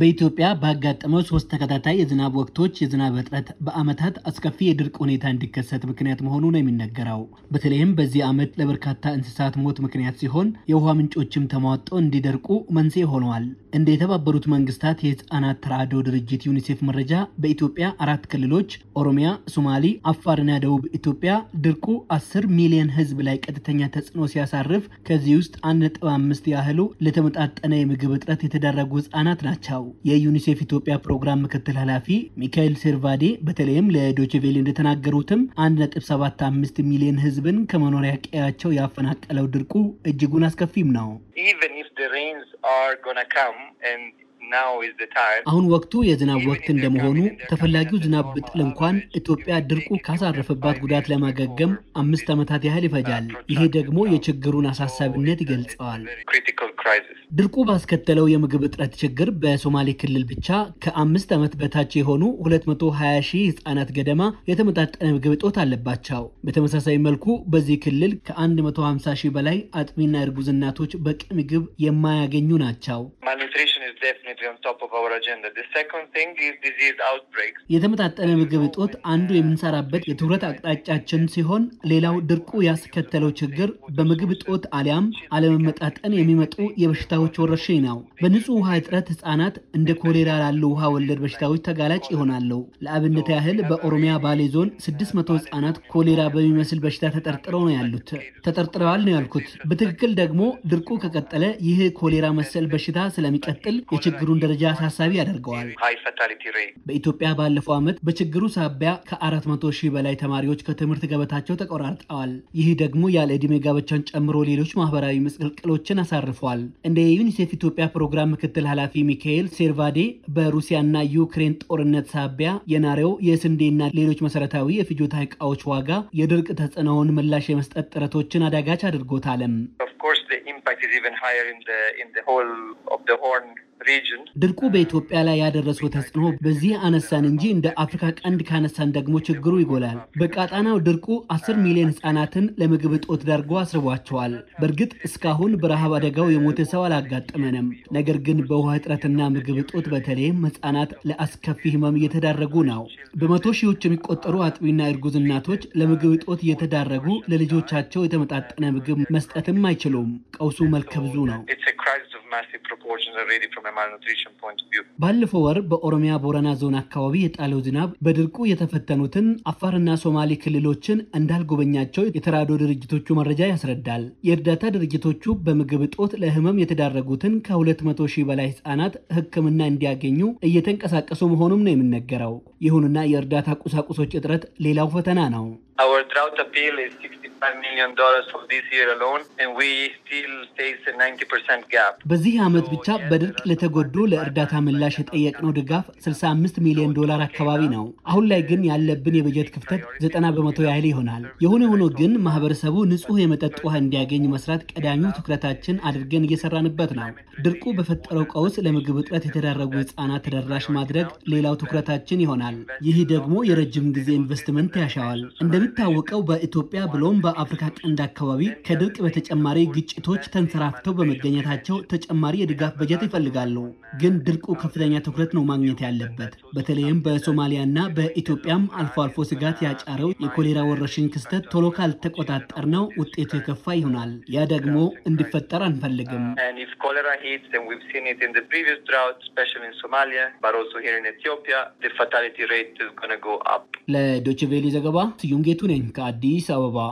በኢትዮጵያ ባጋጠመው ሶስት ተከታታይ የዝናብ ወቅቶች የዝናብ እጥረት በዓመታት አስከፊ የድርቅ ሁኔታ እንዲከሰት ምክንያት መሆኑ ነው የሚነገረው። በተለይም በዚህ ዓመት ለበርካታ እንስሳት ሞት ምክንያት ሲሆን የውሃ ምንጮችም ተሟጠው እንዲደርቁ መንስኤ ሆነዋል። እንደ የተባበሩት መንግስታት የህፃናት ተራድኦ ድርጅት ዩኒሴፍ መረጃ በኢትዮጵያ አራት ክልሎች ኦሮሚያ፣ ሶማሊ፣ አፋርና ደቡብ ኢትዮጵያ ድርቁ 10 ሚሊዮን ህዝብ ላይ ቀጥተኛ ተጽዕኖ ሲያሳርፍ ከዚህ ውስጥ አምስት ያህሉ ለተመጣጠነ የምግብ እጥረት የተዳረጉ ህፃናት ናቸው። የወጣው። የዩኒሴፍ ኢትዮጵያ ፕሮግራም ምክትል ኃላፊ ሚካኤል ሴርቫዴ በተለይም ለዶችቬሌ እንደተናገሩትም 1.75 ሚሊዮን ህዝብን ከመኖሪያ ቀያቸው ያፈናቀለው ድርቁ እጅጉን አስከፊም ነው። አሁን ወቅቱ የዝናብ ወቅት እንደመሆኑ ተፈላጊው ዝናብ ብጥል እንኳን ኢትዮጵያ ድርቁ ካሳረፈባት ጉዳት ለማገገም አምስት ዓመታት ያህል ይፈጃል። ይሄ ደግሞ የችግሩን አሳሳቢነት ይገልጸዋል። ድርቁ ባስከተለው የምግብ እጥረት ችግር በሶማሌ ክልል ብቻ ከአምስት ዓመት በታች የሆኑ 220 ሺህ ህጻናት ገደማ የተመጣጠነ ምግብ እጦት አለባቸው። በተመሳሳይ መልኩ በዚህ ክልል ከ150 ሺህ በላይ አጥቢና እርጉዝ እናቶች በቂ ምግብ የማያገኙ ናቸው። የተመጣጠነ ምግብ እጦት አንዱ የምንሰራበት የትኩረት አቅጣጫችን ሲሆን ሌላው ድርቁ ያስከተለው ችግር በምግብ እጦት አሊያም አለመመጣጠን የሚመጡ የበሽታዎች ወረርሽኝ ነው። በንጹህ ውሃ እጥረት ህጻናት እንደ ኮሌራ ላሉ ውሃ ወለድ በሽታዎች ተጋላጭ ይሆናሉ። ለአብነት ያህል በኦሮሚያ ባሌ ዞን 600 ህጻናት ኮሌራ በሚመስል በሽታ ተጠርጥረው ነው ያሉት። ተጠርጥረዋል ነው ያልኩት። በትክክል ደግሞ ድርቁ ከቀጠለ ይህ ኮሌራ መሰል በሽታ ስለሚቀጥል የችግሩን ደረጃ አሳሳቢ ያደርገዋል። በኢትዮጵያ ባለፈው ዓመት በችግሩ ሳቢያ ከ400 ሺህ በላይ ተማሪዎች ከትምህርት ገበታቸው ተቆራርጠዋል። ይህ ደግሞ ያለ ዕድሜ ጋብቻን ጨምሮ ሌሎች ማህበራዊ ምስቅልቅሎችን አሳርፏል። እንደ የዩኒሴፍ ኢትዮጵያ ፕሮግራም ምክትል ኃላፊ ሚካኤል ሴርቫዴ በሩሲያና ዩክሬን ጦርነት ሳቢያ የናሬው የስንዴና ሌሎች መሰረታዊ የፍጆታ ዕቃዎች ዋጋ የድርቅ ተጽዕኖውን ምላሽ የመስጠት ጥረቶችን አዳጋች አድርጎታልም። ድርቁ በኢትዮጵያ ላይ ያደረሰው ተጽዕኖ በዚህ አነሳን እንጂ እንደ አፍሪካ ቀንድ ካነሳን ደግሞ ችግሩ ይጎላል። በቀጣናው ድርቁ አስር ሚሊዮን ህጻናትን ለምግብ እጦት ዳርጎ አስርቧቸዋል። በእርግጥ እስካሁን በረሃብ አደጋው የሞተ ሰው አላጋጠመንም። ነገር ግን በውሃ እጥረትና ምግብ እጦት በተለይም ህጻናት ለአስከፊ ህመም እየተዳረጉ ነው። በመቶ ሺዎች የሚቆጠሩ አጥቢና እርጉዝ እናቶች ለምግብ እጦት እየተዳረጉ ለልጆቻቸው የተመጣጠነ ምግብ መስጠትም አይችሉም። ቀውሱም መልከ ብዙ ነው። ባለፈው ወር በኦሮሚያ ቦረና ዞን አካባቢ የጣለው ዝናብ በድርቁ የተፈተኑትን አፋርና ሶማሌ ክልሎችን እንዳልጎበኛቸው የተራድኦ ድርጅቶቹ መረጃ ያስረዳል። የእርዳታ ድርጅቶቹ በምግብ እጦት ለሕመም የተዳረጉትን ከ200 ሺህ በላይ ሕጻናት ሕክምና እንዲያገኙ እየተንቀሳቀሱ መሆኑም ነው የሚነገረው። ይሁንና የእርዳታ ቁሳቁሶች እጥረት ሌላው ፈተና ነው። million for this year alone and we still face a gap. በዚህ ዓመት ብቻ በድርቅ ለተጎዱ ለእርዳታ ምላሽ የጠየቅነው ድጋፍ 65 ሚሊዮን ዶላር አካባቢ ነው። አሁን ላይ ግን ያለብን የበጀት ክፍተት ዘጠና በመቶ ያህል ይሆናል። የሆነ ሆኖ ግን ማህበረሰቡ ንጹህ የመጠጥ ውሃ እንዲያገኝ መስራት ቀዳሚው ትኩረታችን አድርገን እየሰራንበት ነው። ድርቁ በፈጠረው ቀውስ ለምግብ እጥረት የተዳረጉ ህጻናት ተደራሽ ማድረግ ሌላው ትኩረታችን ይሆናል። ይህ ደግሞ የረጅም ጊዜ ኢንቨስትመንት ያሻዋል። እንደሚታወቀው በኢትዮጵያ ብሎም በ አፍሪካ ቀንድ አካባቢ ከድርቅ በተጨማሪ ግጭቶች ተንሰራፍተው በመገኘታቸው ተጨማሪ የድጋፍ በጀት ይፈልጋሉ። ግን ድርቁ ከፍተኛ ትኩረት ነው ማግኘት ያለበት። በተለይም በሶማሊያና በኢትዮጵያም አልፎ አልፎ ስጋት ያጫረው የኮሌራ ወረርሽኝ ክስተት ቶሎ ካልተቆጣጠር ነው ውጤቱ የከፋ ይሆናል። ያ ደግሞ እንዲፈጠር አንፈልግም። ለዶችቬሊ ዘገባ ስዩም ጌቱ ነኝ ከአዲስ አበባ።